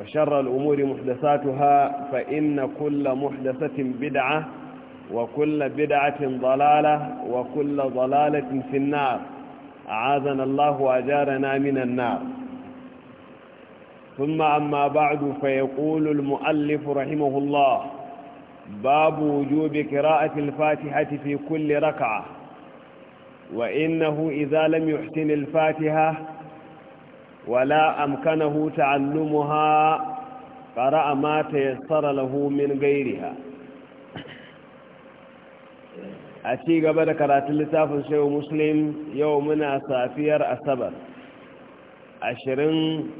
وشر الأمور محدثاتها فإن كل محدثة بدعة وكل بدعة ضلالة وكل ضلالة في النار أعاذنا الله وأجارنا من النار ثم أما بعد فيقول المؤلف رحمه الله باب وجوب قراءة الفاتحة في كل ركعة وإنه إذا لم يحسن الفاتحة ولا أمكنه تعلمها قرأ ما تيسر له من غيرها da قبل littafin اللتاف شيء مسلم يومنا سافير asabar. Ashirin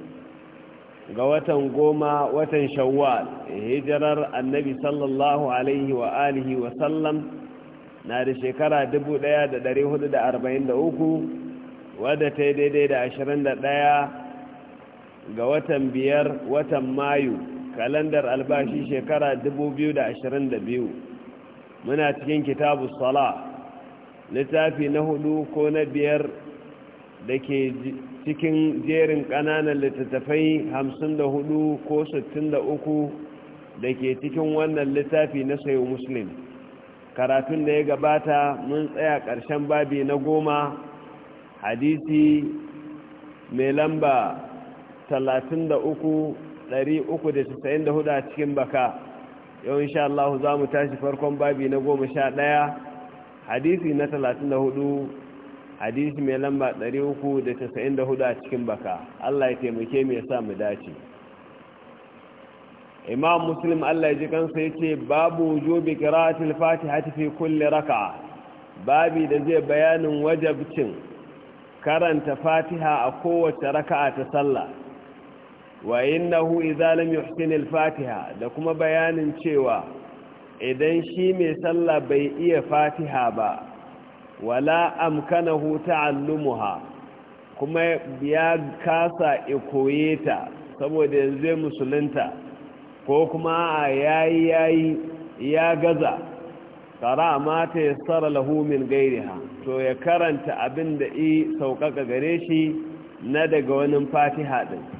ga watan goma watan shawwal hijirar annabi sallallahu alaihi wa alihi wa na da shekara 1443 wadda ta yi daidai da ɗaya. ga watan biyar watan mayu kalandar albashi shekara 2022 muna cikin kitabu sala littafi na hudu ko na biyar da ke cikin jerin ƙananan littattafai 54 ko 63 da ke cikin wannan littafi na sayo muslim karatun da ya gabata mun tsaya ƙarshen babi na goma hadisi mai lamba 33,394 a cikin baka yau insha Allah za mu tashi farkon babi na goma sha ɗaya hadisi na 34 hadisi mai lamba 394 a cikin baka Allah ya taimake mai sa mu dace imam muslim Allah ya ji kansa ya ce babu wujubi qira'atil fatiha fi kulli raka'a babi da zai bayanin wajabcin karanta fatiha a kowace raka'a ta sallah wa innahu idza lam yuhsin al-fatiha da kuma bayanin cewa idan shi mai sallah bai iya fatiha ba wala amkanahu ta'allumuha kuma ya kasa ikoye ta saboda yanzu musulunta ko kuma a yayi yayi ya gaza tara mata ya tsara lahu min gairiha to ya karanta abin da i sauƙaƙa gare shi na daga wani fatiha ɗin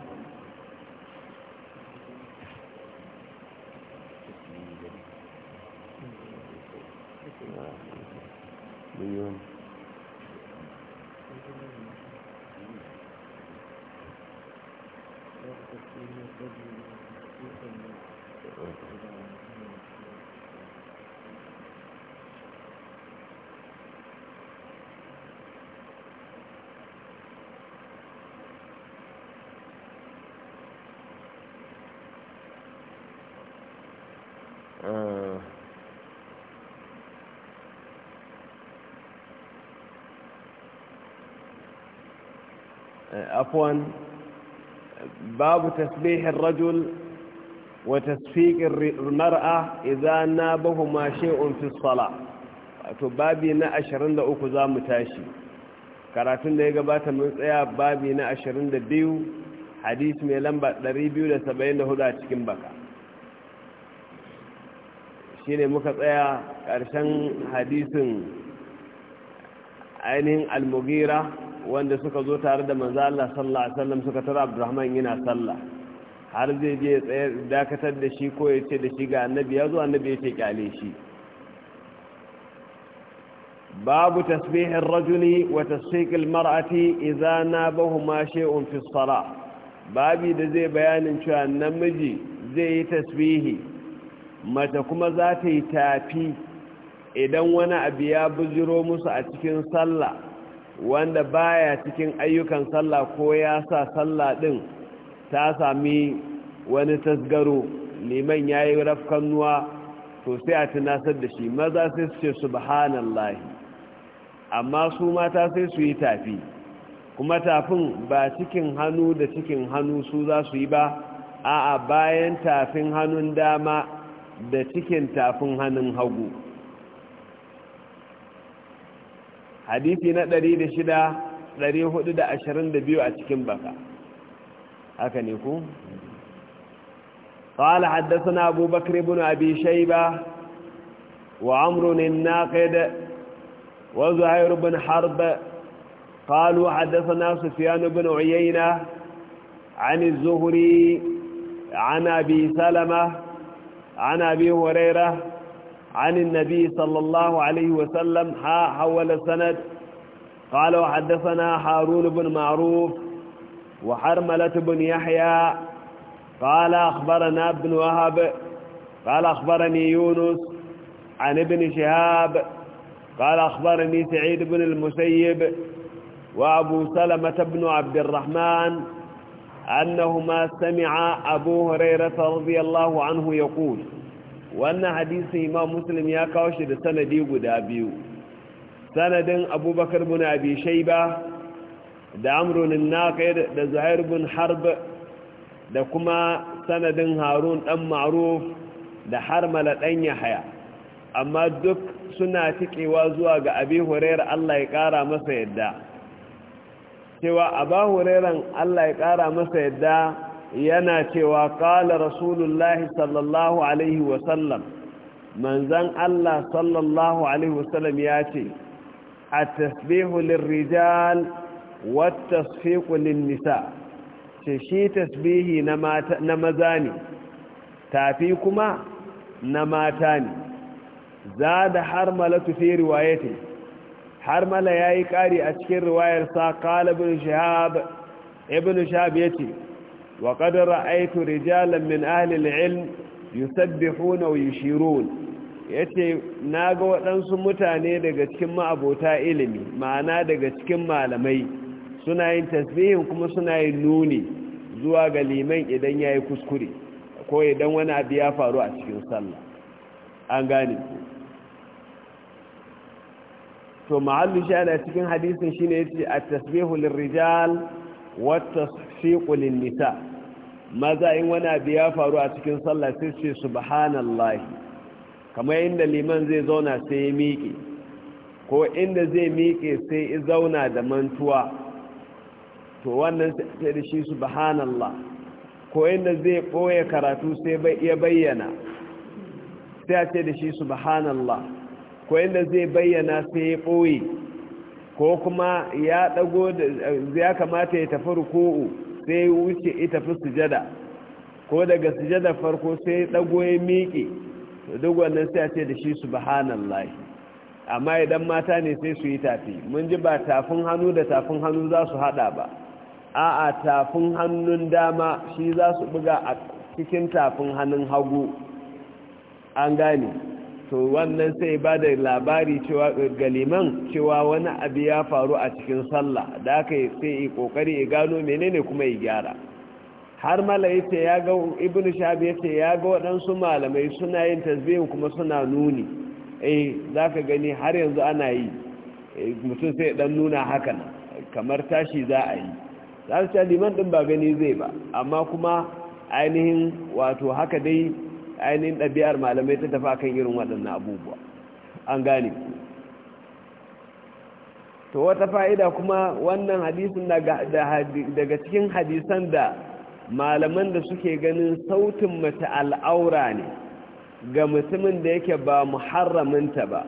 Muy عفوا باب تسبيح الرجل وتسفيق المرأة إذا نابهما شيء في الصلاة babi na 23 za mu tashi karatun da ya gabata mun tsaya babi na 22 hadisi mai lamba 274 a cikin baka shi ne muka tsaya ƙarshen hadisin ainihin almugira wanda suka zo tare da manzo Allah sallallahu alaihi wasallam suka tara Abdurrahman yana sallah har zai je tsaye dakatar da shi ko ya ce da shi ga annabi ya zo annabi ya ce kyale shi babu tasbihin rajuli wa tasfiqil mar'ati idza nabahuma shay'un fi salah babi da zai bayanin cewa namiji zai yi tasbihi mace kuma za ta yi tafi idan wani abu ya bujiro musu a cikin sallah wanda baya cikin ayyukan sallah ko ya sa sallah din ta sami wani tasgaro liman yayi rafkannuwa to sai a tunasar da shi maza sai su ce subhanallahi amma su mata sai su yi tafi kuma tafin ba cikin hannu da cikin hannu su za su yi ba a'a bayan tafin hannun dama da cikin tafin hannun hagu hadisi na 106,422 a cikin baka haka ne ku? قال حدثنا أبو بكر بن أبي شيبة وعمر الناقد وزهير بن حرب قالوا حدثنا سفيان بن عيينة عن الزهري عن أبي سلمة عن أبي هريرة عن النبي صلى الله عليه وسلم ها حول سند قال وحدثنا هارون بن معروف وحرملة بن يحيى قال أخبرنا ابن وهب قال أخبرني يونس عن ابن شهاب قال أخبرني سعيد بن المسيب وأبو سلمة بن عبد الرحمن أنهما سمع أبو هريرة رضي الله عنه يقول wannan hadisin imam muslim ya kawo shi da sanadi guda biyu sanadin abubakar bin abi shaiba da amrunin naqir da zuhair bin harb da kuma sanadin harun dan ma'ruf da harmala dan yahya amma duk suna tikewa zuwa ga abi hurairah Allah ya kara masa yadda cewa ba hurairan Allah ya kara masa yadda yana cewa ƙala rasulullahi sallallahu alaihi wasallam manzan Allah sallallahu alaihi wasallam ya ce a tasbihu lirrijal wata sfiƙulin nisa ce shi tasbihi na maza ne tafi kuma na mata ne za da har malatu fi riwayete har mala ya yi ƙari a cikin riwayarsa ƙalibin shahab ibn shahab ya ce وقد رأيت رجالا من min العلم يسبحون ilm yusabbihuna wa yushirun yace naga waɗansu mutane daga cikin ma'abota ilimi ma'ana daga cikin malamai suna yin tasbihin kuma suna yin nuni zuwa ga liman idan yayi kuskure ko idan wani abu ya faru a cikin sallah an gane ku to ma'allu ana cikin hadisin shine yace at-tasbihu lirrijal wat-tasfiqu lin-nisa maza in wani abu ya faru a cikin sallah sai ce subhanallah kamar inda liman zai zauna sai ya miƙe ko inda zai miƙe sai ya zauna da mantuwa to wannan sai da shi subhanallah ko inda zai ɓoye karatu sai ya bayyana sai a ce da shi subhanallah ko inda zai bayyana sai ya ɓoye ko kuma ya ɗago da ya kamata ya tafi ruku'u sai wuce ita fi sujada ko daga sujada farko sai dago ya miƙe to duk wannan sai a ce da shi subhanallahi amma idan mata ne sai su yi tafi mun ji ba tafin hannu da tafin hannu za su hada ba a'a tafin hannun dama shi za su buga a cikin tafin hannun hagu an gane to wannan sai ba da labari cewa galiman cewa wani abu ya faru a cikin sallah da aka sai yi kokari ya gano menene kuma ya gyara har malayi ya ce ya ga ibn shabi ya ce ya ga waɗansu malamai suna yin tasbihin kuma suna nuni eh za ka gani har yanzu ana yi eh, mutum sai dan nuna haka kamar tashi za a yi za su liman ɗin ba gani zai ba amma kuma ainihin wato haka dai ainihin ɗabi'ar malamai ta tafi akan irin waɗannan abubuwa an gane to wata fa'ida kuma wannan hadisin daga cikin hadisan da malaman da suke ganin sautin mace al'aura ne ga mutumin da yake ba muharraminta ba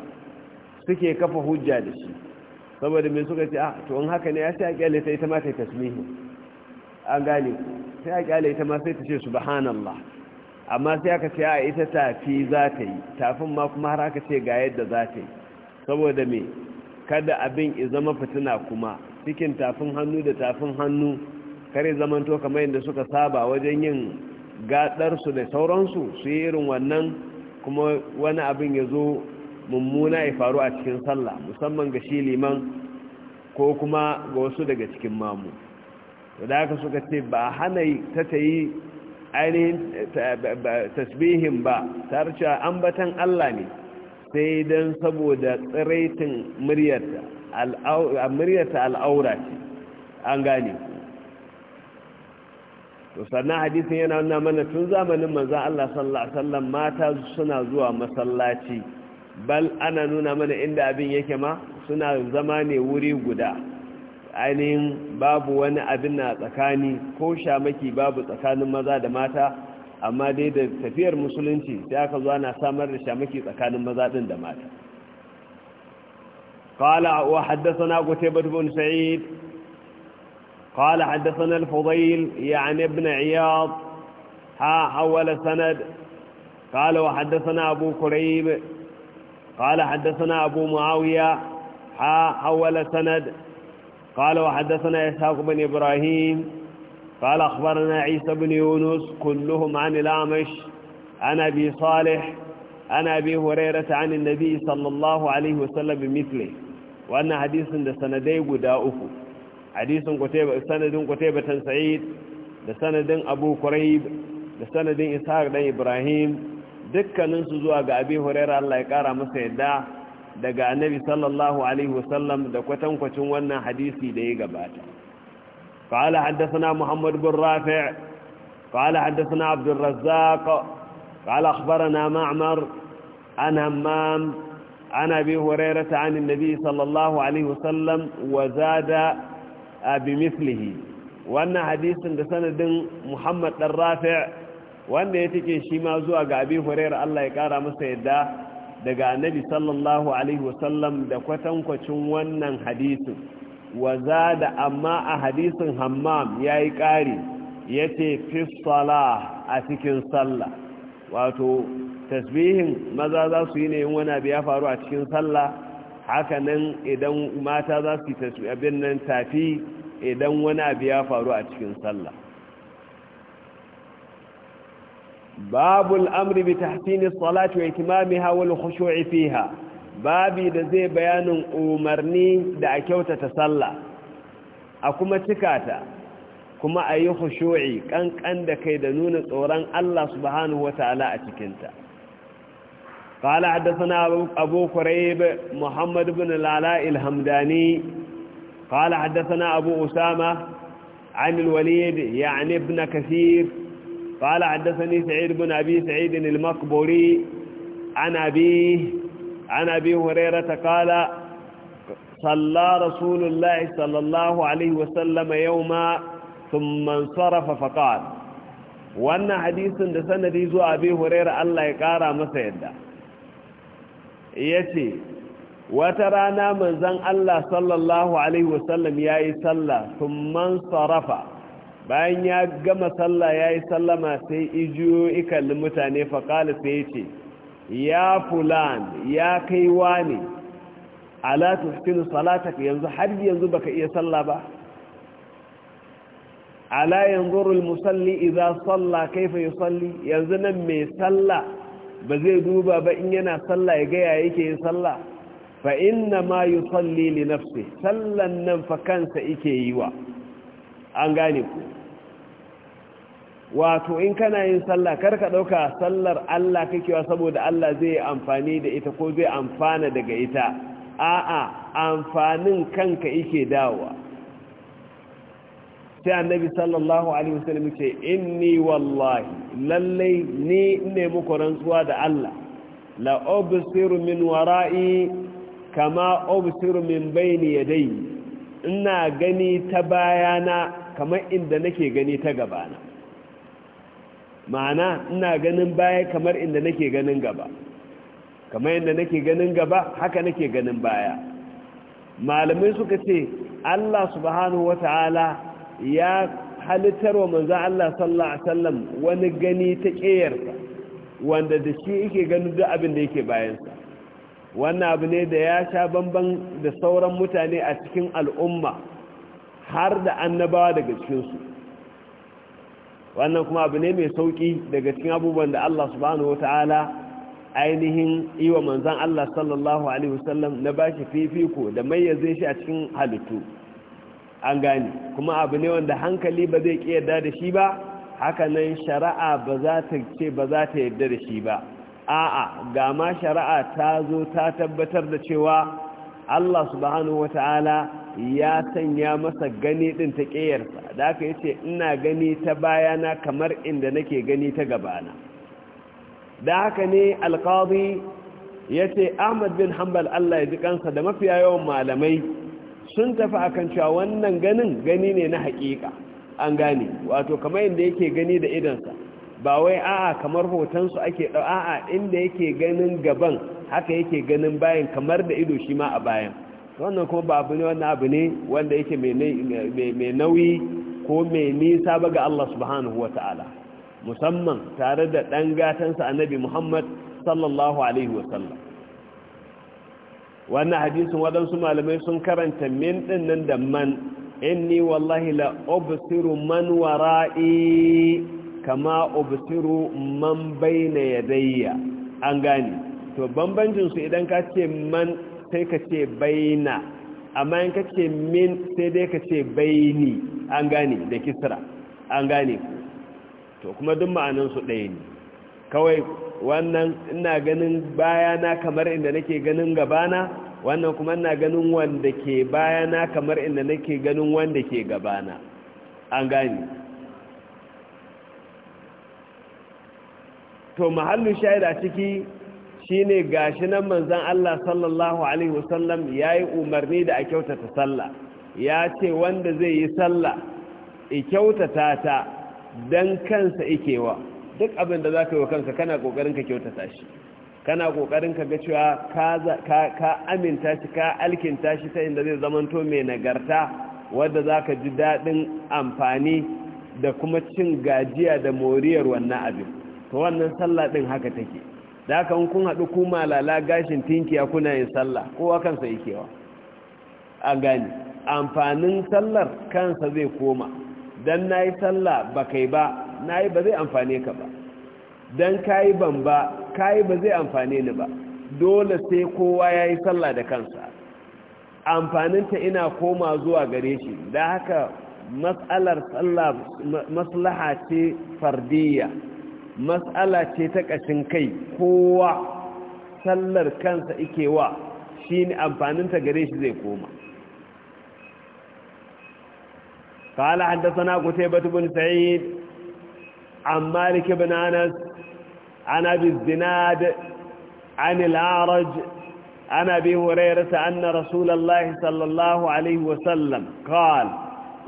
suke kafa hujja da shi saboda mai suka ce a ah, to in haka ne ya sai a kyale ta ita ma ta tasmihi an gane sai a kyale ita ma sai ta ce subhanallah amma sai aka ce a ita tafi za ta yi tafin ma kuma har aka ce ga yadda za ta yi saboda me kada abin i zama fitina kuma cikin tafin hannu da tafin hannu kare to kamar yadda suka saba wajen yin gadarsu da sauransu su yi irin wannan kuma wani abin ya zo mummuna ya faru a cikin sallah musamman ga shi liman ko kuma ga wasu daga cikin mamu da aka suka ce ba hana ta ta yi ainihin tasbihin ba tare cewa ambatan Allah ne sai don saboda tsiraitin muryarta al'aura ce an gane to sannan hadisin yana nuna mana tun zamanin manzan Allah sallallahu Alaihi wasallam mata suna zuwa masallaci bal ana nuna mana inda abin yake ma suna zama ne wuri guda ainihin babu wani abin na tsakani ko shamaki babu tsakanin maza da mata amma dai da tafiyar musulunci sai aka zuwa na samar da shamaki tsakanin maza din da mata قال وحدثنا قتيبة بن سعيد قال حدثنا الفضيل يعني ابن عياض ها حول سند قال وحدثنا أبو كريب قال حدثنا أبو معاوية ها حول سند قال وحدثنا إسحاق بن إبراهيم قال أخبرنا عيسى بن يونس كلهم عن الأعمش عن أبي صالح عن أبي هريرة عن النبي صلى الله عليه وسلم بمثله وأن حديث سندي قداؤه حديث قتيبة سند قتيبة سعيد سند أبو قريب سند إسحاق بن إبراهيم دكا ننسزوا أبي هريرة الله يقارى مسيدا daga annabi sallallahu alaihi wasallam da kwatankwacin wannan hadisi da ya gabata قال حدثنا محمد بن رافع قال حدثنا عبد الرزاق قال أخبرنا معمر عن همام عن أبي هريرة عن النبي صلى الله عليه وسلم وزاد بمثله وأن حديث سند محمد الرافع وأن يتكي شما زوى أبي هريرة الله يقارى مسيدا daga annabi sallallahu alaihi wasallam da kwatankwacin wannan hadisin wa da amma a hadisin hammam ya yi ƙari ya ce fisala a cikin sallah wato tasbihin maza za su yi ne yin wani abu ya faru a cikin sallah hakanan idan mata za su yi tasbihin nan tafi idan wani abu ya faru a cikin sallah babu al'amri bi tahsini salati wa itimamiha wal khushu'i fiha babi da zai bayanin umarni da a kyautata sallah a kuma cikata kuma a yi khushu'i kankan da kai da nuna tsoron Allah subhanahu wata'ala a cikinta قال حدثنا muhammad قريب محمد بن العلاء الهمداني قال حدثنا أبو أسامة عن الوليد يعني ابن كثير قال حدثني سعيد بن أبي سعيد المقبوري عن أبيه عن أبي هريرة قال صلى رسول الله صلى الله عليه وسلم يوما ثم انصرف فقال وأن حديث دسنة زو أبي هريرة الله يقارى مسيدا يتي وترانا من زن الله صلى الله عليه وسلم يا صلى ثم انصرف bayan ya gama sallah ya yi sallama sai ijiyo ikallin mutane faƙali sai ya ce ya fulan ya kai wani alatu salata ka yanzu har yanzu baka iya sallah ba ala yanzurul musalli iza salla kaifa salli yanzu nan mai sallah ba zai duba ba in yana sallah ya gaya yake yin sallah fa inna ma salli li nafsi sallan nan fa kansa yake yi wa an gane ku wato in kana yin sallah kar ka ɗauka sallar Allah kakewa saboda Allah zai amfani da ita ko zai amfana daga ita a'a amfanin kanka yake dawowa sai annabi sallallahu alaihi wasallam ce inni wallahi lallai ni ne muku rantsuwa da Allah la ubsiru min wara'i kama ubsiru min bayni yadayi ina gani ta bayana kamar inda nake gani ta gabana ma'ana ina ganin baya kamar inda nake ganin gaba kamar inda nake ganin gaba haka nake ganin baya malamai suka ce Allah subhanahu wata'ala ya halittar wa manzo Allah sallallahu alaihi wasallam wani gani ta ƙeyarsa wanda da shi yake ganin duk abin da yake bayansa wannan abu ne da ya sha bamban da sauran mutane a cikin al'umma har da annabawa daga cikinsu wannan kuma abu ne mai sauki daga cikin abubuwan da Allah subhanahu ta'ala ainihin iwa manzan Allah sallallahu alaihi wasallam na bashi fifiko da mayyaze shi a cikin halittu an gane kuma abu ne wanda hankali ba zai ki da shi ba Haka nan shari'a ba za ta ce ba za ta yarda da shi ba a'a ga ma shari'a ta zo ta tabbatar da cewa Allah subhanahu ta'ala. ya sanya masa gani din ta ƙeyarsa da aka yace ina gani ta bayana kamar inda nake gani ta gabana da haka ne alkazi ya ce ahmad bin hanbal allah ya ji kansa da mafiya yawan malamai sun tafi akan cewa wannan ganin gani ne na haƙiƙa an gane wato kamar inda yake gani da idansa ba wai a'a kamar hotonsu ake a'a inda yake ganin gaban haka yake ganin bayan kamar da ido shi ma a bayan wannan kuma ba abu ne wannan abu ne wanda yake mai nauyi ko mai nisa ba ga Allah subhanahu wa ta'ala musamman tare da ɗan gatansa annabi Muhammad sallallahu alaihi wa wannan hadisin waɗansu malamai sun karanta min ɗin nan da man inni wallahi la obisiru man wara'i kama obisiru man bayna yadayya an gane to banbancinsu idan ka ce man sai ka ce baina amma in ka ce min sai dai ka ce baini an gane da kisra an gane to kuma duk ma'anansu ɗaya ne kawai wannan ina ganin bayana kamar inda nake ganin gabana wannan kuma ina ganin wanda ke bayana kamar inda nake ganin wanda ke gabana an gani to mahallin shaida ciki Shi shine gashi nan manzon Allah sallallahu alaihi wasallam yayi umarni da a kyautata sallah ya ce wanda zai yi sallah i kyautata ta dan kansa ikewa duk abin da zaka yi wa kansa kana kokarin ka kyautata shi kana kokarin ka ga cewa ka ka aminta shi ka alkinta shi ta inda zai zamanto mai nagarta wanda zaka ji daɗin amfani da kuma cin gajiya da moriyar wannan abin to wannan sallah din haka take da haka in kun haɗu kuma lala gashin tinkiya kuna yin sallah kowa kansa yake wa a gani amfanin sallar kansa zai koma don na yi sallah ba kai ba na yi ba zai amfane ka ba don ka yi ban ba ka yi ba zai amfane ni ba dole sai kowa ya yi sallah da kansa amfaninta ina koma zuwa gare shi da haka matsalar sallah maslaha ce fardiyya matsala ce ta ƙashin kai kowa sallar kansa ikewa shi ne amfaninta gare shi zai koma fa'ala haddasa kusa ya batu bin sa'id amma rike binanas ana bizdinad ani laraj ana bi hurairarsa anna rasulallahi sallallahu alaihi wasallam kawal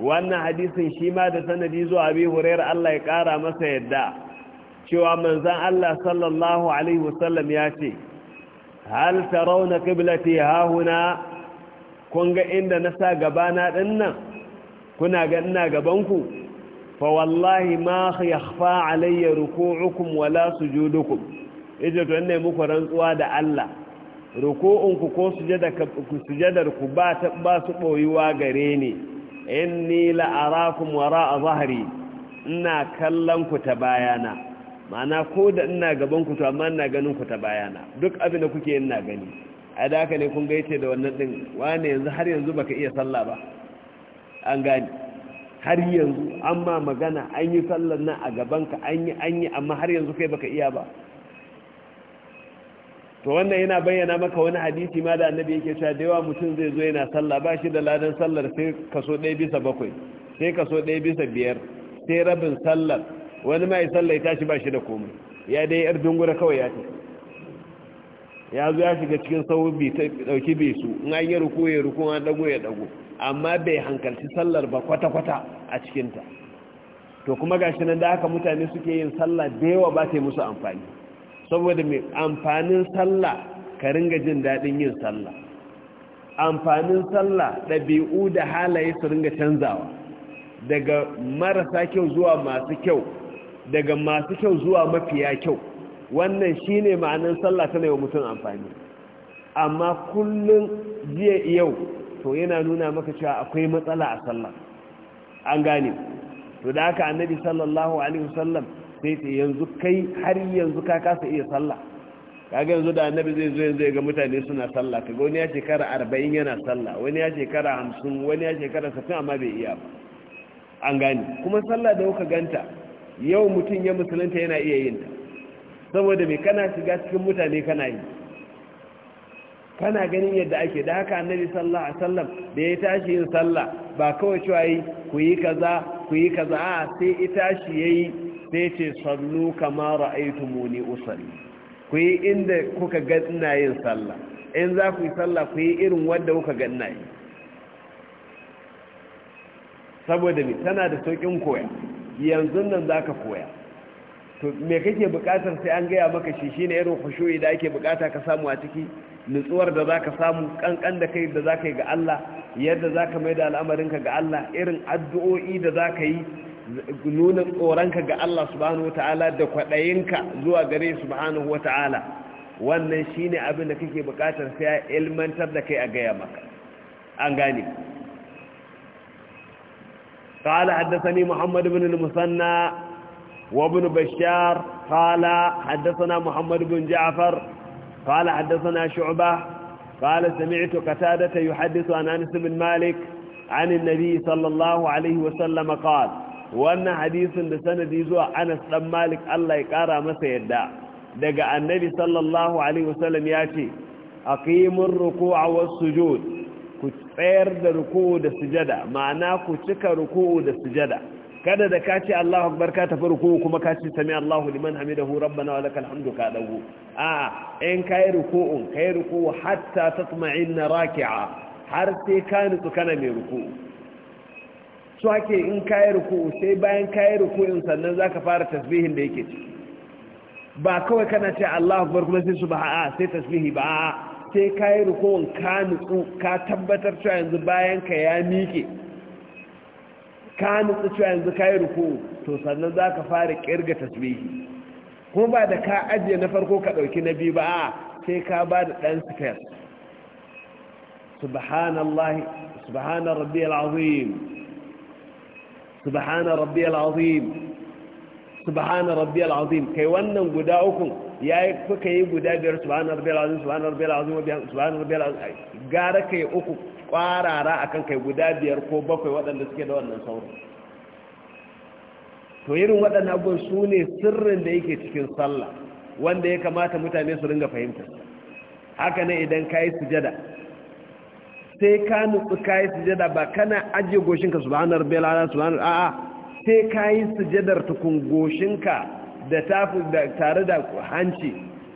wannan hadisin shi ma da sanadi zuwa bi hurairar allah ya ƙara masa yadda cewa manzan Allah sallallahu Alaihi wasallam ya ce hal tarauna qiblati hahuna kun ga inda na sa gabana dinnan kuna ga ina gabanku fa wallahi ma fa alayya ruku'ukum wala sujudukum idan to ne muku rantsuwa da Allah ruku'unku ko sujadar ku ba ta ba su boyuwa gare ni inni la arakum wara'a zahri ina kallon ku ta bayana ma'ana ko da ina gaban ku to amma ina ganin ku ta bayana duk abin da kuke ina gani ai da haka ne kun ga yace da wannan din wane yanzu har yanzu baka iya sallah ba an gani har yanzu amma magana an yi sallar nan a gabanka an yi an yi amma har yanzu kai baka iya ba to wannan yana bayyana maka wani hadisi ma da annabi yake cewa da yawa mutum zai zo yana sallah ba shi da ladan sallar sai kaso ɗaya bisa bakwai sai kaso ɗaya bisa biyar sai rabin sallar wani mai ya sallah ba shi da komai ya dai yar dungura kawai ya tafi ya zo ya shiga cikin sau bi ta dauki bi su in an yi ruku ya ruku an dago ya dago amma bai hankalci sallar ba kwata-kwata a cikinta to kuma gashi nan da haka mutane suke yin sallah da yawa ba ta yi musu amfani saboda mai amfanin sallah ka ringa jin daɗin yin sallah amfanin sallah ɗabi'u da halaye su ringa canzawa daga marasa kyau zuwa masu kyau daga masu kyau zuwa mafiya kyau wannan shine ma'anin sallah tana yi wa mutum amfani amma kullum jiya yau to yana nuna maka cewa akwai matsala a sallah an gane to da haka annabi sallallahu alaihi wasallam sai ce yanzu kai har yanzu ka kasa iya sallah kaga yanzu da annabi zai zo yanzu ga mutane suna sallah kaga wani ya shekara arba'in yana sallah wani ya shekara hamsin wani ya shekara sittin amma bai iya ba an gane kuma sallah da kuka ganta yau mutum ya musulunta yana iya yin ta saboda mai kana shiga cikin mutane kana yi kana ganin yadda ake da haka annabi sallallahu alaihi wasallam da ya tashi yin sallah ba kawai cewa yi ku yi kaza ku yi kaza a sai ya tashi yayi sai ce sallu kama ra'aytumuni usalli ku yi inda kuka ga ina yin sallah in za ku yi sallah ku yi irin wanda kuka ga ina yi saboda mi tana da saukin koya yanzu nan za ka koya to me kake bukatar sai an gaya maka shi shi ne irin kushoyi da ake bukata ka samu a ciki nutsuwar da za ka samu kankan da kai da za ka yi ga Allah yadda za ka mai da al'amarinka ga Allah irin addu'o'i da za ka yi nuna tsoronka ga Allah subhanahu ta'ala, da kwaɗayinka zuwa gare subhanahu ta'ala, wannan shi ne abin da kake bukatar sai a ilmantar da kai a gaya maka an gane قال حدثني محمد بن المثنى وابن بشار قال حدثنا محمد بن جعفر قال حدثنا شعبة قال سمعت قتادة يحدث عن أنس بن مالك عن النبي صلى الله عليه وسلم قال وأن حديث بسند يزوى أنس بن مالك الله يقارى سيدا دقى النبي صلى الله عليه وسلم ياتي أقيموا الركوع والسجود tsayar da ruku'u da sujada ma'ana ku cika ruku'u da sujada kada da ka ce Allahu akbar ka tafi ruku'u kuma ka ce sami Allahu liman hamidahu rabbana wa lakal hamdu ka dago a in kai ruku'u kai ruku'u hatta tatma'inna raki'a har sai ka nutsu kana mai ruku'u su ake in kai ruku'u sai bayan kai ruku'u sannan zaka fara tasbihin da yake ba kawai kana ce Allahu akbar kuma sai a sai tasbihi ba sai ka yi rukun ka ka tabbatar cewa yanzu bayan ka ya miƙe ka nutsu cewa yanzu ka yi rukun to sannan za ka fara ƙirga tasbihi ko ba da ka ajiye na farko ka ɗauki na biyu ba a sai ka ba da ɗan sifir subhanallah subhanar rabbi al'azim subhana rabbiyal azim kai wannan guda ukun yi kuka yi guda biyar subhana rabbiyal azim subhana rabbiyal azim subhana rabbiyal azim gara kai uku kwarara akan kai guda biyar ko bakwai waɗanda suke da wannan sauri to irin waɗannan abubuwan su ne sirrin da yake cikin sallah wanda ya kamata mutane su ringa fahimta haka ne idan ka yi sujada sai ka nutsu ka yi sujada ba kana ajiye goshinka subhanar azim subhanar a'a sai ka yi sujadar tukun goshinka da tare da hanci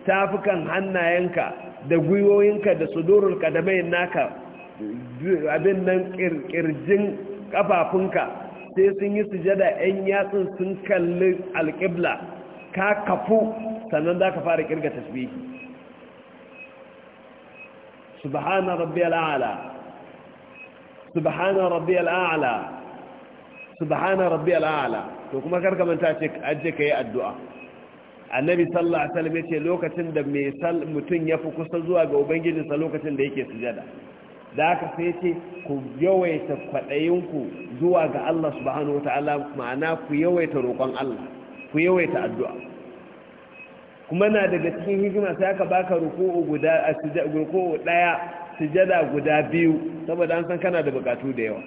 tafukan hannayenka da gwiwoyinka da sudurul kadamain naka abin nan kirjin kafafunka sai sun yi sujada 'yan yatsun sun kalli alƙibla ka kafu sannan za ka fara kirga tasbihi subhana rabbi al'ala a'la subhana rabbiyal a'la to kuma karka manta ce aje ka kai addu'a annabi sallallahu alaihi wasallam yace lokacin da mai sal mutun yafi kusa zuwa ga ubangijinsa lokacin da yake sujada da aka sai ce ku yawaita fadayinku zuwa ga Allah subhanahu wataala ma'ana ku yawaita roƙon Allah ku yawaita addu'a kuma na daga cikin hikima sai aka baka ruku'u guda a sujada sujada guda biyu saboda an san kana da bukatu da yawa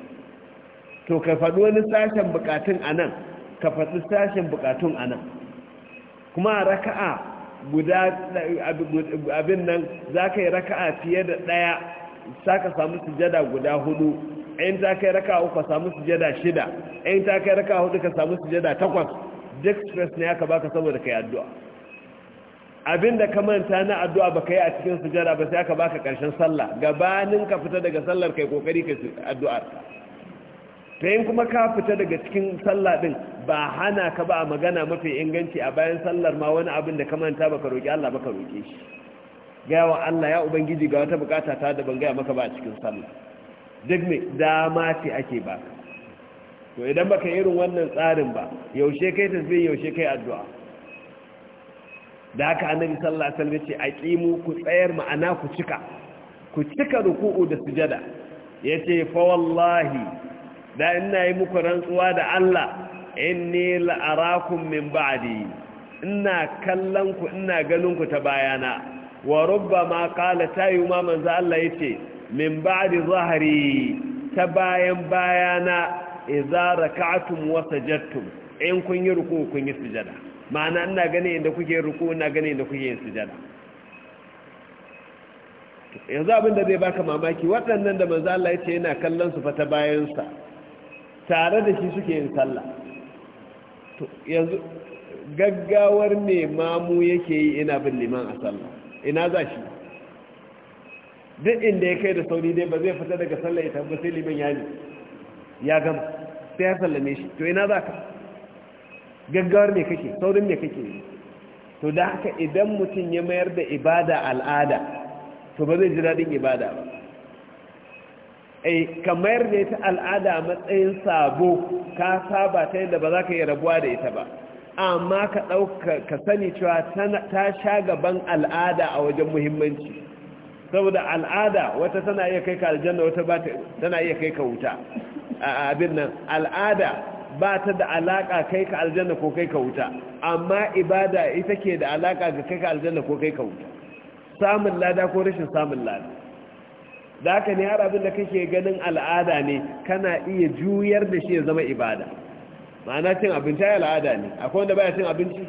to ka faɗi wani sashen bukatun a nan ka faɗi sashen bukatun a nan kuma raka'a guda abin nan za ka yi raka'a fiye da ɗaya za ka samu sujada guda hudu in ta kai raka uku ka samu sujada shida in ta kai raka hudu ka samu sujada takwas duk stress ne aka baka saboda ka yi addu'a abin da ka manta na addu'a ba ka yi a cikin sujada ba sai aka baka ƙarshen sallah gabanin ka fita daga sallar kai kokari ka addu'ar to kuma ka fita daga cikin sallah din ba hana ka ba a magana mafi inganci a bayan sallar ma wani abin da ka manta baka roki Allah baka roke shi Gaya wa Allah ya ubangiji ga wata bukata ta da ban gaya maka ba a cikin sallah duk me dama ce ake ba to idan baka irin wannan tsarin ba yaushe kai tasbih yaushe kai addu'a da haka annabi sallallahu alaihi wasallam ya ce aqimu ku tsayar ma'ana ku cika ku cika ruku'u da sujada yace fa wallahi da ina yi muku rantsuwa da Allah inni la'arakum min ba'di ina kallon ku ina ganin ku ta bayana wa rubbama qala ma manzo Allah yace min ba'di zahri ta bayan bayana idza raka'tum wa sajadtum in kun yi ruku kun yi sujada ma'ana ina gane inda kuke ruku ina gane inda kuke yin sujada yanzu abin da zai baka mamaki waɗannan da manzo Allah yace yana kallon su fa ta bayansa tare da shi suke yin sallah to yanzu gaggawar me mamu yake yi ina bin liman a sallah ina za shi duk inda ya kai da sauri dai ba zai fita daga sallah ya tabbata sai liman ya ne ya gama sai ya sallame shi to ina za ka gaggawar me kake saurin me kake yi to da haka idan mutum ya mayar da ibada al'ada to ba zai ji daɗin ibada ba ai eh, kamar da ita al'ada matsayin sabo ka saba ta yadda ba za ka yi rabuwa da ita ba amma ka ɗauka ka sani cewa ta sha gaban al'ada a wajen muhimmanci saboda al'ada wata tana iya kai ka aljanna wata ba tana iya kai ka wuta a abin nan al'ada ba ta da alaƙa kai ka aljanna ko kai ka wuta amma ibada ita ke da alaƙa ga kai ka aljanna ko kai ka wuta samun lada ko rashin samun lada da haka ne har abin da kake ganin al'ada ne kana iya juyar da shi ya zama ibada ma'ana cin abinci ya al'ada ne akwai wanda baya cin abinci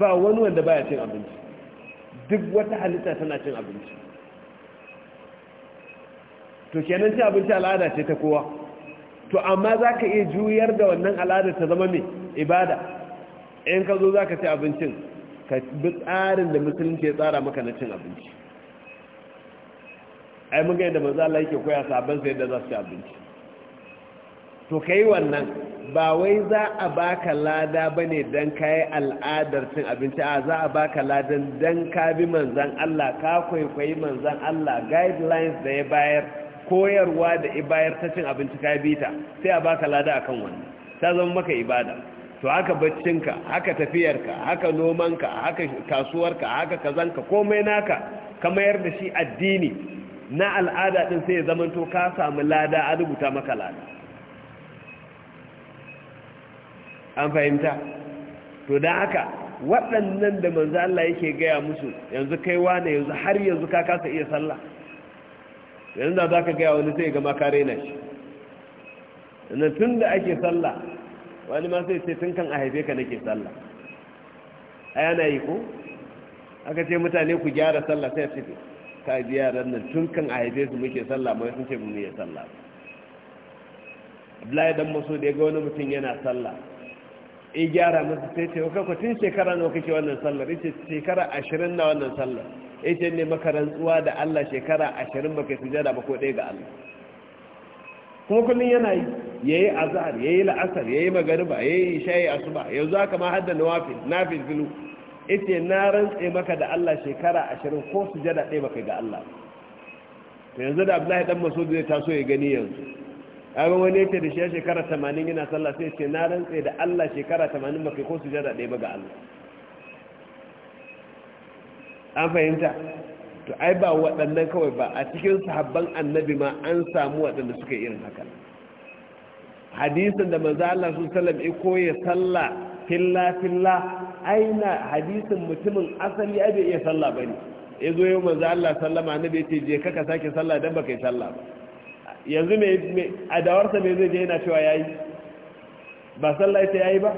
ba wani wanda baya cin abinci duk wata halitta tana cin abinci to kenan cin abinci al'ada ce ta kowa to amma za ka iya juyar da wannan al'ada ta zama mai ibada in ka zo za ka ci abincin ka bi tsarin da musulunci ya tsara maka na cin abinci ai mun ga yadda manzo Allah yake koya sabon sai da za su ci abinci to kai wannan ba wai za a baka lada bane dan kai al'adar cin abinci a za a baka ladan dan ka bi manzan Allah ka kwaikwayi manzan Allah guidelines da ya bayar koyarwa da ibayar ta cin abinci ka bi ta, sai a baka lada akan wannan ta zama maka ibada to haka baccinka haka tafiyarka haka nomanka haka kasuwarka haka kazanka komai naka ka mayar da shi addini na al'ada din sai ya to ka samu lada a rubuta maka lada an fahimta to da haka waɗannan da manzo Allah yake gaya musu yanzu kai wane yanzu har yanzu ka kasa iya sallah yanzu da za ka gaya wani sai ga makare na shi yanzu tun da ake sallah wani ma sai ce tun kan a haife ka nake sallah a yana yi ko aka ce mutane ku gyara sallah sai a cikin ka ji yaran nan tun kan a haife su muke sallah mai sun ce mu ya sallah Abdullahi dan maso da ya ga wani mutum yana sallah in gyara masa sai ce kai ku tun shekara nawa kake wannan sallar yace shekara 20 na wannan sallar yace ne maka rantsuwa da Allah shekara 20 baka sujada ba ko ɗaya ga Allah kuma kullun yana yi yayi azhar yayi la'asar yayi magriba yayi isha'i asuba yanzu haka ma hadda nawafil nafil filu ita na rantse maka da Allah shekara ashirin ko su jada ɗaya maka ga Allah to yanzu da abdullahi dan maso zai taso ya gani yanzu abin wani yake da shekara tamanin yana sallah sai ce na rantse da Allah shekara tamanin maka ko su jada ɗaya maka ga Allah an fahimta to ai ba waɗannan kawai ba a cikin sahabban annabi ma an samu waɗanda suka irin haka hadisin da manzo Allah su sallam ya koye sallah filla filla aina hadisin mutumin asali ya bai iya sallah ba ne ya zo yi manzo Allah sallama na bai ce je kaka sake sallah don baka yi sallah ba yanzu mai adawarsa mai zai je yana cewa ya yi ba sallah ita ya yi ba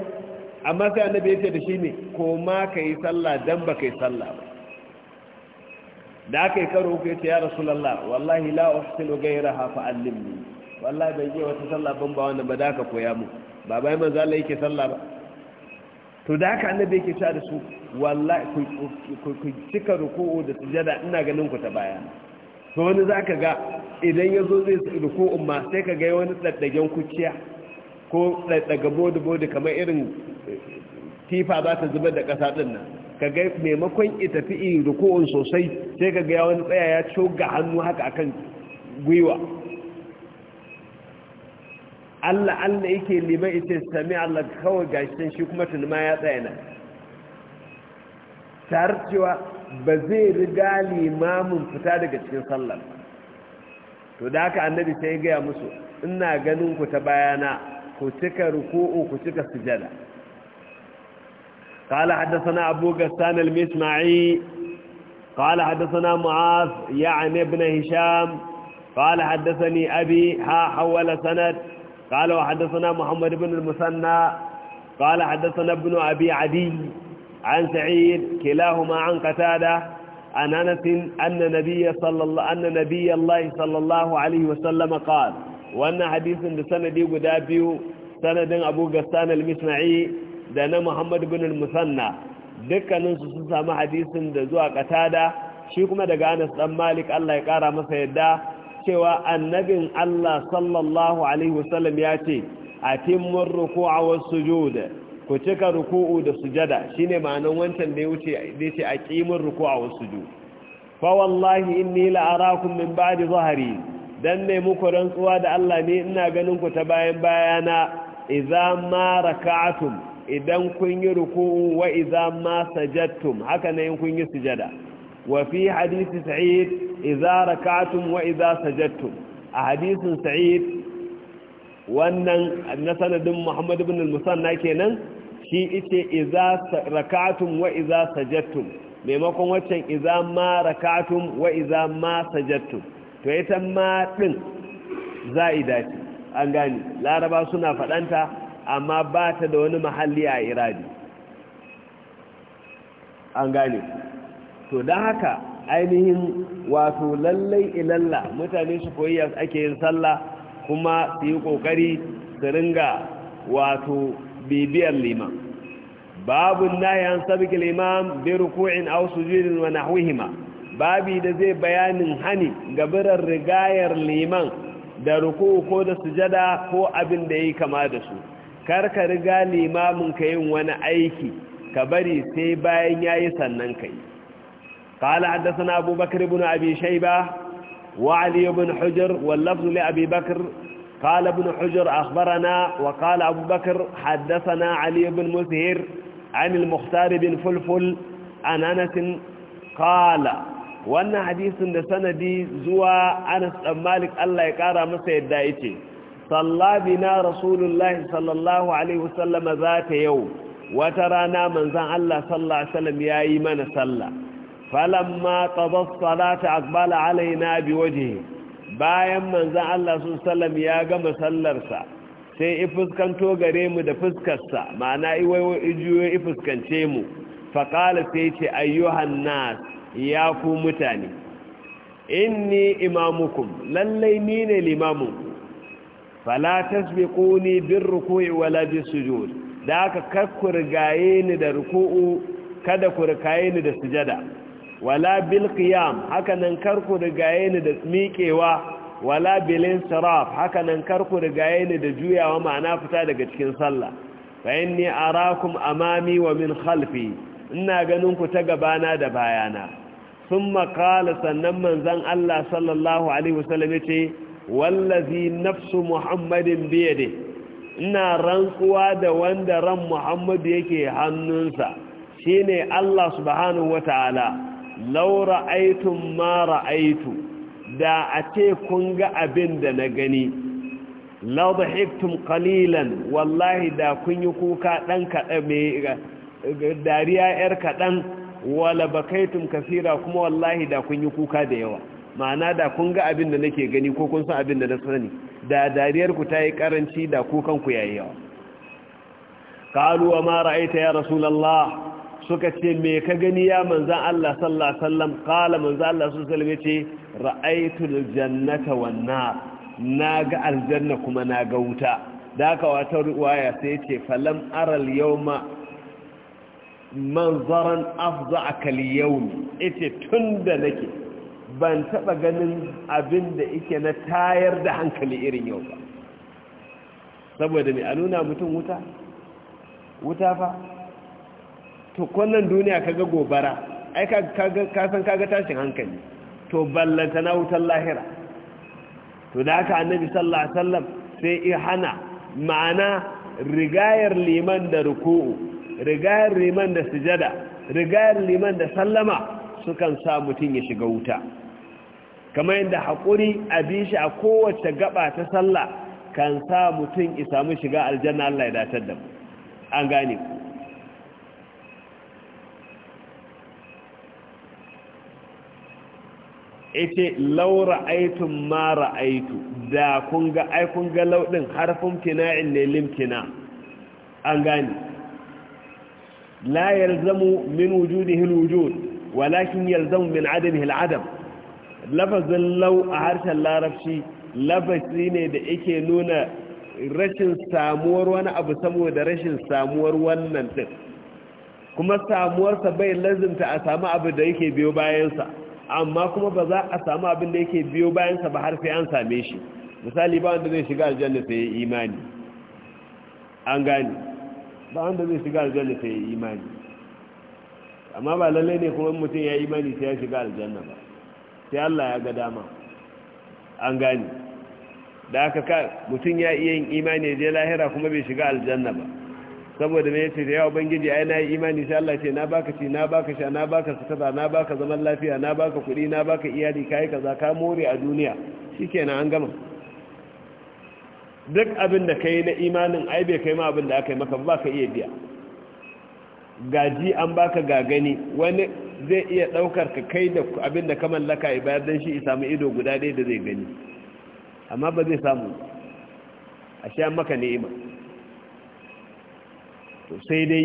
amma sai annabi ya ce da shi ne ko ma ka yi sallah don baka yi sallah ba da aka yi karo uku ya ya rasulallah wallahi la uhsinu ghayraha fa allimni wallahi bai yi wata sallah ban ba wannan ba da ka koya mu ba bai manzo Allah yake sallah ba to da haka annabi yake cewa da su wallahi ku cika ruku'u da sujada ina ganin ku ta baya to wani zaka ga idan yazo zai ruku'u ma sai ka ga wani daddagen kuciya ko daga bodi bodi kamar irin eh, tifa za ta zubar da kasa ɗin nan ka ga maimakon ita fi ruku'un sosai sai ka ga wani tsaya ya coga hannu haka akan gwiwa Allah Allah yake liman ita sami Allah kawai gashin shi kuma tunuma ya tsaye na tare cewa ba zai riga limamin fita daga cikin sallar to da haka annabi sai ya gaya musu ina ganin ku ta bayana ku cika ruku'u ku cika sujada قال حدثنا أبو غسان المسمعي قال حدثنا معاذ يعني ابن هشام قال حدثني abi ha حول sanad. قال وحدثنا محمد بن المثنى قال حدثنا ابن أبي عدي عن سعيد كلاهما عن قتادة عن أنس أن نبي صلى الله أن نبي الله صلى الله عليه وسلم قال وأن حديث بسند قدابي سند أبو قسان المسمعي دنا محمد بن المثنى dukkanin su sun samu hadisin da zuwa katada shi kuma daga Anas dan Malik Allah ya kara masa yadda cewa annabin Allah sallallahu alaihi wasallam ya ce a timmin ruku'a wasu sujuda ku cika ruku'u da sujada shine ma'anan wancan da ya wuce da a kimin ruku'a wasu sujud fa wallahi inni la arakum min ba'di zahri dan ne muku rantsuwa da Allah ne ina ganin ku ta bayan bayana idza ma raka'atum idan kun yi ruku'u wa idza ma sajadtum haka ne kun yi sujada وفي حديث سعيد إذا ركعتم وإذا سجدتم حديث سعيد wannan na sanadin Muhammad ibn al-Musanna kenan shi ite idza rak'atum wa idza sajadtum maimakon waccan idza ma rak'atum wa idza ma sajadtum to ita ma din za'ida ce an gani laraba suna fadanta amma ba ta da wani mahalli a iradi an gani. to da haka ainihin wato lallai ilalla mutane su koyi ake yin sallah kuma su yi kokari su ringa wato bibiyar liman babu nahi an sabiqil imam bi ruku'in aw sujudin wa nahwihima babi da zai bayanin hani ga birar rigayar liman da ruku ko da sujada ko abin da yayi kama da su kar ka riga limamin ka yin wani aiki ka bari sai bayan yayi sannan kai قال حدثنا أبو بكر بن أبي شيبة وعلي بن حجر واللفظ لأبي بكر قال ابن حجر أخبرنا وقال أبو بكر حدثنا علي بن مسهر عن المختار بن فلفل عن أنس قال وأن حديث سندي زوى أنس بن مالك الله يقارى مسيد دائتي صلى بنا رسول الله صلى الله عليه وسلم ذات يوم وترانا من زعل الله صلى الله عليه وسلم يا إيمان صلى falamma akbala alai na bi waje, bayan manzan Allah sun sallam ya gama sallarsa sai i fuskanto gare mu da fuskarsa ma'ana iwayo i fuskance mu faƙala sai ce ayyuhan nas ya ku mutane inni imamukum lallai ni ne Limamun? fala tasbiquni bin ruku'i wala bis sujud da aka kakkurgaye ni da ruku'u kada ku rikaye ni da sujada wala bil qiyam hakanan karku rigaye ni da miƙewa wala bil insiraf hakanan karku rigaye ni da juyawa ma'ana fita daga cikin sallah fa inni arakum amami wa min khalfi ina ganin ku ta gabana da bayana thumma qala sannan manzon Allah sallallahu alaihi wasallam yace wallazi nafsu muhammadin biyadihi ina rantsuwa da wanda ran muhammadu yake hannunsa shine Allah subhanahu wataala laura aitun mara aitu da a ce kun ga abin da na gani lauda hiktum kalilan wallahi da kun yi kuka ɗan kaɗa mai dariya 'yar kaɗan wala bakaitum kuma wallahi da kun yi kuka da yawa ma'ana da kun ga abin da nake gani ko kun san abin da na sani da dariyarku ta yi karanci da kukanku yayi yawa kalu wa ma ya rasulullah suka ce me ka gani ya manzan Allah sallallahu alaihi wasallam qala manzan Allah sallallahu alaihi wasallam yace ra'aytu jannata wan nar naga aljanna kuma naga wuta da haka wata riwaya sai yace falam aral yawma manzaran afza'a kal yawm yace tunda nake ban taba ganin abin da yake na tayar da hankali irin yau ba saboda me a nuna mutum wuta wuta fa to kwallon duniya kaga gobara ai ka san kaga tashin hankali to ballanta na wutar lahira to da haka annabi sallallahu alaihi wasallam sai ihana hana ma'ana rigayar liman da ruku'u rigayar liman da sujada rigayar liman da sallama sukan sa mutum ya shiga wuta kamar yadda hakuri a shi a kowace gaba ta sallah kan sa mutum ya samu shiga aljanna Allah ya datar da mu an gane ku yace laura aitun ma ra'aitu da kun ga ai kun ga laudin harfin kina'in ne limkina an gani la yalzamu min wujudihi alwujud walakin yalzamu min adamihi aladam lafazin law a harshen larabci lafazi ne da yake nuna rashin samuwar wani abu saboda rashin samuwar wannan din kuma samuwarsa bai lazimta a samu abu da yake biyo bayansa amma kuma ba za a samu abin da yake biyo bayansa ba har sai an same shi misali ba wanda zai shiga aljanna sai yi imani an gani ba wanda zai shiga aljanna sai yi imani amma ba lalle ne kuma mutum ya imani sai ya shiga aljanna ba sai Allah ya ga dama an gani da aka ka mutum ya iya yin imani ya je lahira kuma bai shiga aljanna ba saboda me yace da yawa bangiji ai nayi imani sai Allah ce na baka ci na baka sha na baka sutura na baka zaman lafiya na baka kuɗi na baka iyali kai kaza ka more a duniya shikenan an gama duk abin da kai na imanin ai bai kai ma abin da aka yi maka ba ka iya biya gaji an baka gagani wani zai iya daukar ka kai da abin da ka mallaka ya bayar don shi ya samu ido guda ɗaya da zai gani amma ba zai samu a sha maka ni'ima to sai dai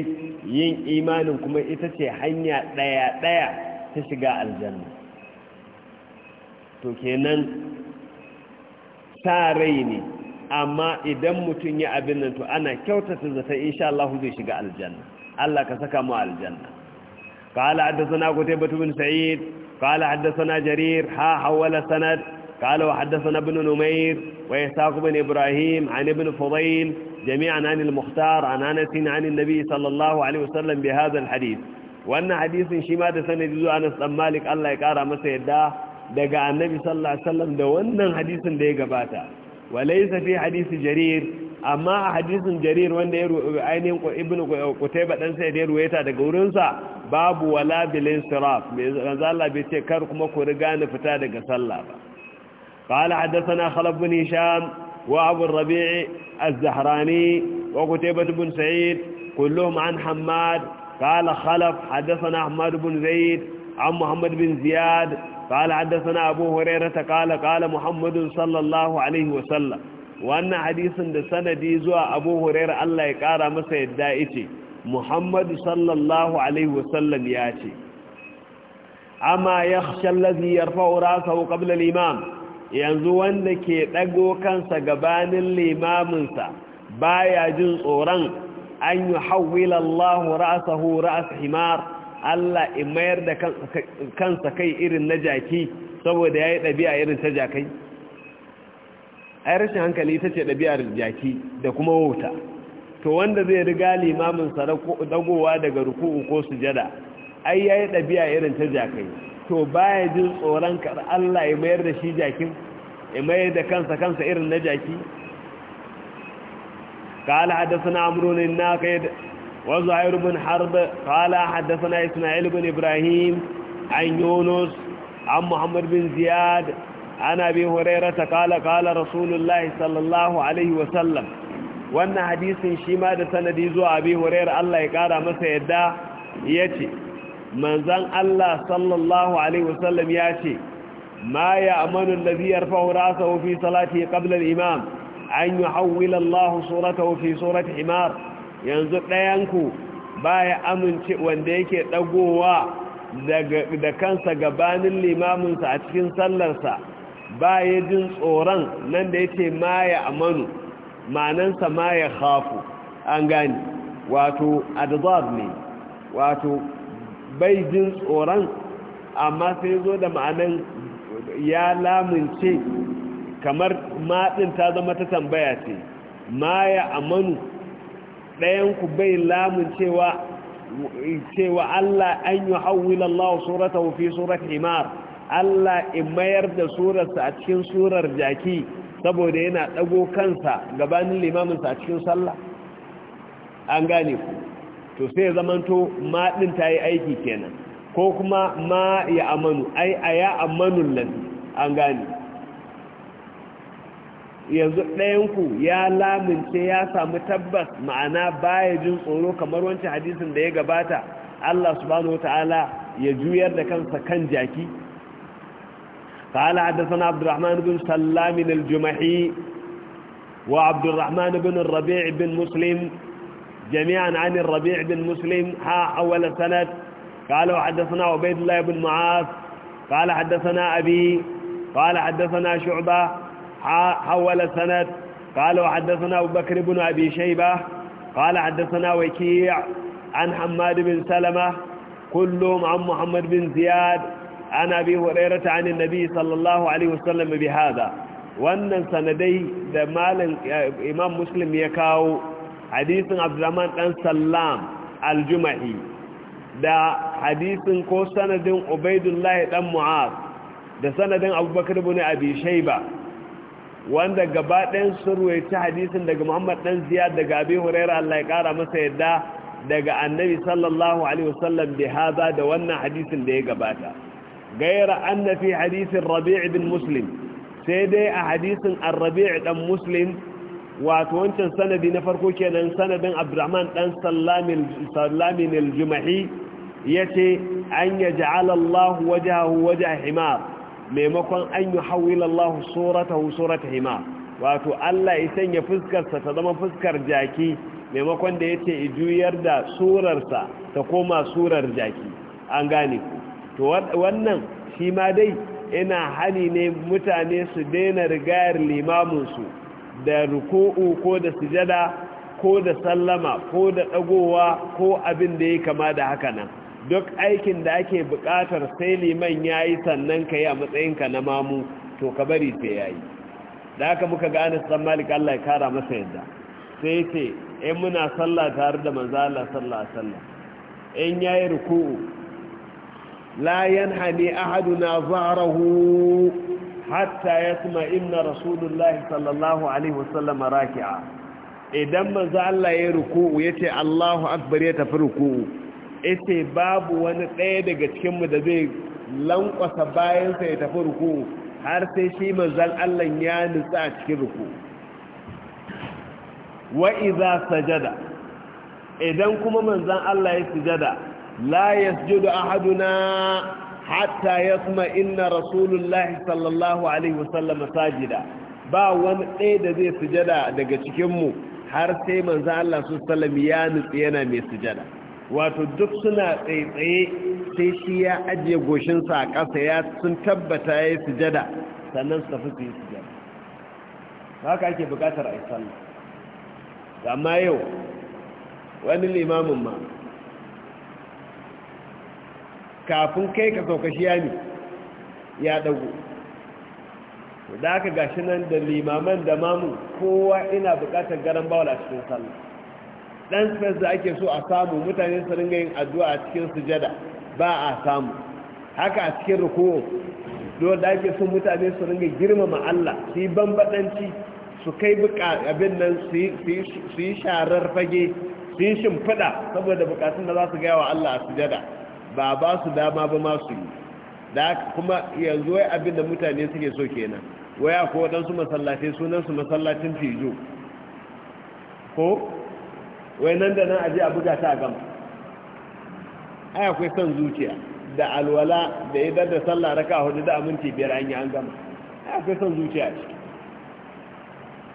yin imanin kuma ita ce hanya ɗaya-ɗaya ta shiga aljanna to kenan sa rai ne amma idan mutum ya abin nan to ana kyautata zata insha Allah zai shiga aljanna Allah ka saka mu aljanna قال حدثنا قتيبة بن سعيد قال حدثنا جرير ها حول سند قال وحدثنا ابن نمير ويساق بن إبراهيم عن ابن فضيل جميعا عن المختار عن أنس عن النبي صلى الله عليه وسلم بهذا الحديث وأن حديث شماد سند أنس بن مالك الله يقارى مسيدا دقى النبي صلى الله عليه وسلم دونا حديث ديقى باتا وليس في حديث جرير amma a hadisin jarir wanda ya ainihin ibn kutaiba dan sai da ruwaita daga wurinsa babu wala bil insiraf mai zanzala bai ce kar kuma ku riga ni fita daga sallah ba قال حدثنا خلف بن هشام وأبو الربيع الزهراني وقتيبة بن سعيد كلهم عن حماد قال خلف حدثنا أحمد بن زيد عن محمد بن زياد قال حدثنا أبو هريرة قال قال محمد صلى الله عليه وسلم وأن حديث دسنة ديزوا أبو هريرة الله يقارى مسا يدائتي محمد صلى الله عليه وسلم ياتي أما يخشى الذي يرفع راسه قبل الإمام yanzu wanda ke ɗago kansa gabanin limaminsa baya jin tsoron an yi hawila Allah ra'asahu ra'asa himar Allah in mayar da kansa kai irin na jaki saboda ya yi ɗabi'a irin ta jakai ai rashin hankali ta ce ɗabi'ar jaki da kuma wauta to wanda zai riga limaminsa dagowa daga ruku'u ko sujada ai ya yi ɗabi'a irin ta jakai to baya jin tsoron kar Allah ya mayar da shi jakin ya mayar da kansa kansa irin na jaki قال حدثنا عمرو الناقد وزهير بن حرب قال حدثنا إسماعيل بن إبراهيم عن يونس عن محمد بن زياد عن أبي هريرة قال قال رسول الله صلى الله عليه وسلم وأن حديث شما دسنديزو أبي هريرة الله يقارى مسا يدى يتي manzan Allah sallallahu alaihi wasallam ya ce ma ya amanu allazi yarfa'u ra'sahu fi salati qabla al-imam an yuhawwila Allah suratahu fi surati himar yanzu dayanku ya amince wanda yake dagowa da kansa gabanin limaminsa a cikin sallarsa ya jin tsoron nan da yace ma ya amanu manansa ma ya khafu an gani wato adzab ne wato bai jin tsoron amma sai zo da ma'anin ya lamunce kamar matsin ta zama ta tambaya ce ma ya amanu ɗayanku bai lamuncewa cewa Allah an yi hauwila Allah surata fi surat himar Allah in mayar da surarsa a cikin surar jaki saboda yana ɗago kansa gabanin limaminsa a cikin sallah an gane ku to sai zamanto ma din ta yi aiki kenan ko kuma ma ya amanu ai a ya amanun nan, an gane yanzu ɗayanku ya lamince ya samu tabbas ma'ana baya jin tsoro kamar wancan hadisin da ya gabata Allah subhanahu wata'ala ya juyar da kansa kan jaki قال حدثنا عبد الرحمن بن سلام الجمحي وعبد الرحمن بن الربيع بن مسلم جميعا عن الربيع بن مسلم ها أول السند قال وحدثنا عبيد الله بن معاذ قال حدثنا أبي قال حدثنا شعبة حول السند قال وحدثنا أبو بكر بن أبي شيبة قال حدثنا وكيع عن حماد بن سلمة كلهم عن محمد بن زياد عن أبي هريرة عن النبي صلى الله عليه وسلم بهذا وأن سندي ده مال إمام مسلم يكاو hadisin abdurrahman dan sallam aljumahi da hadisin ko sanadin ubaidullah dan mu'az da sanadin abubakar ibn abi wanda gaba ɗayan sun ruwaita hadisin daga muhammad dan ziyad daga abi huraira Allah ya kara masa yadda daga annabi sallallahu alaihi wasallam bi hada da wannan hadisin da ya gabata gaira anna fi hadisin rabi' bin muslim sai dai a hadisin an rabi dan muslim wato wancan sanadi na farko kenan sanadin abdurrahman dan sallamin al-jumahi yace an ja'ala Allah wajahu wajah himar maimakon an hawila Allah suratahu surata himar wato Allah ya sanya fuskar ta zama fuskar jaki maimakon da yace juyar da surar ta koma surar jaki an gane ku to wannan shi ma dai ina hani ne mutane su daina rigayar limamin su da ruku'u ko da sujada ko da sallama ko da dagowa ko abin da ya kama da haka nan duk aikin da ake buƙatar sai liman ya yi sannan ka yi a matsayinka na mamu to ka bari sai ya da haka muka ga anas bin malik Allah ya kara masa yadda sai ce in muna sallah tare da manzo Allah sallallahu alaihi wasallam in yayi ruku'u la yanhani ahaduna zarahu hatta yasma inna rasulullahi sallallahu alaihi wasallam raki'a idan manzo Allah ya ruku'u yace Allahu akbar ya tafi ruku'u yace babu wani ɗaya daga cikin mu da zai lankwasa bayansa ya tafi ruku'u har sai shi manzon Allah ya nutsa a cikin ruku'u wa idza sajada idan kuma manzon Allah ya sujada la yasjudu ahaduna hatta yasma inna rasulullahi sallallahu alaihi wasallam sajida ba wani ɗaya da zai sujada daga cikinmu har sai manzo Allah su sallam ya nutsi yana mai sujada wato duk suna tsaye-tsaye sai shi ya ajiye goshinsa a ƙasa ya sun tabbata ya sujada sannan su tafi su yi sujada haka ake buƙatar a sallah amma yau wani limamin ma kafin kai ka sauka shi ya ne ya dago da aka gashi nan da limaman da mamu kowa ina bukatar garan bawal a cikin sallah dan space da ake so a samu mutane su ringa yin addu'a a cikin sujada ba a samu haka a cikin ruku'u don da ake so mutane su ringa girmama Allah su yi bambadanci su kai abin nan su yi sharar fage su yi shimfiɗa saboda bukatun da za su gaya wa Allah a sujada ba ba su dama ba ma su yi da kuma yanzu wai abin da mutane suke so kenan waya ko waɗansu masallatai sunansu masallacin tijo ko wai nan da nan aji a buga ta gama ai akwai son zuciya da alwala da idar da sallah raka hudu da aminci biyar an yi an gama ai akwai son zuciya ce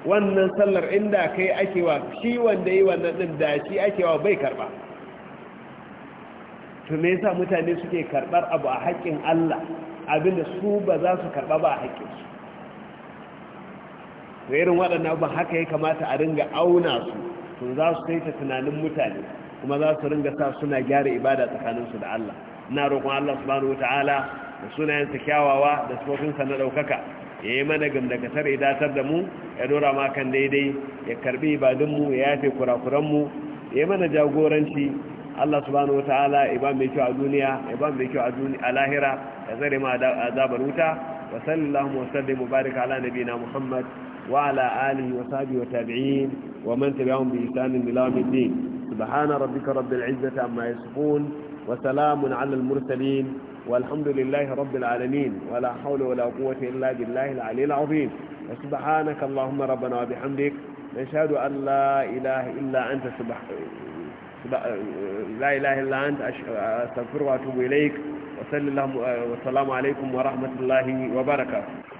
wannan sallar inda kai ake wa shi wanda yi wannan din da shi ake wa bai karɓa. to me yasa mutane suke karbar abu a haƙƙin Allah abinda su ba za su karba ba a haƙƙin su irin waɗannan ba haka ya kamata a ringa auna su to za su kai tunanin mutane kuma za su ringa sa suna gyara ibada tsakanin su da Allah ina roƙon Allah subhanahu wataala da sunayensa kyawawa da sa na ɗaukaka ya yi mana gamdakatar ya datar da mu ya dora makan daidai ya karbi ibadunmu ya yafe kurakuranmu ya yi mana jagoranci Allah subhanahu wataala ya ba mai kyau a duniya ya ba mai kyau a duniya a lahira ya zare ma azabar wuta wa sallallahu wa sallim mubarak ala nabiyina Muhammad wa ala alihi wa sahbihi wa tabi'in wa man tabi'ahum bi ihsan ila yawm الدين subhana rabbika rabbil izzati amma yasifun wa salamun ala al mursalin والحمد لله رب العالمين ولا حول ولا قوة إلا بالله العلي العظيم وسبحانك اللهم ربنا وبحمدك نشهد أن لا إله إلا أنت سبحانك لا إله إلا أنت أستغفر وأتوب إليك وسلم وسلام عليكم ورحمة الله وبركاته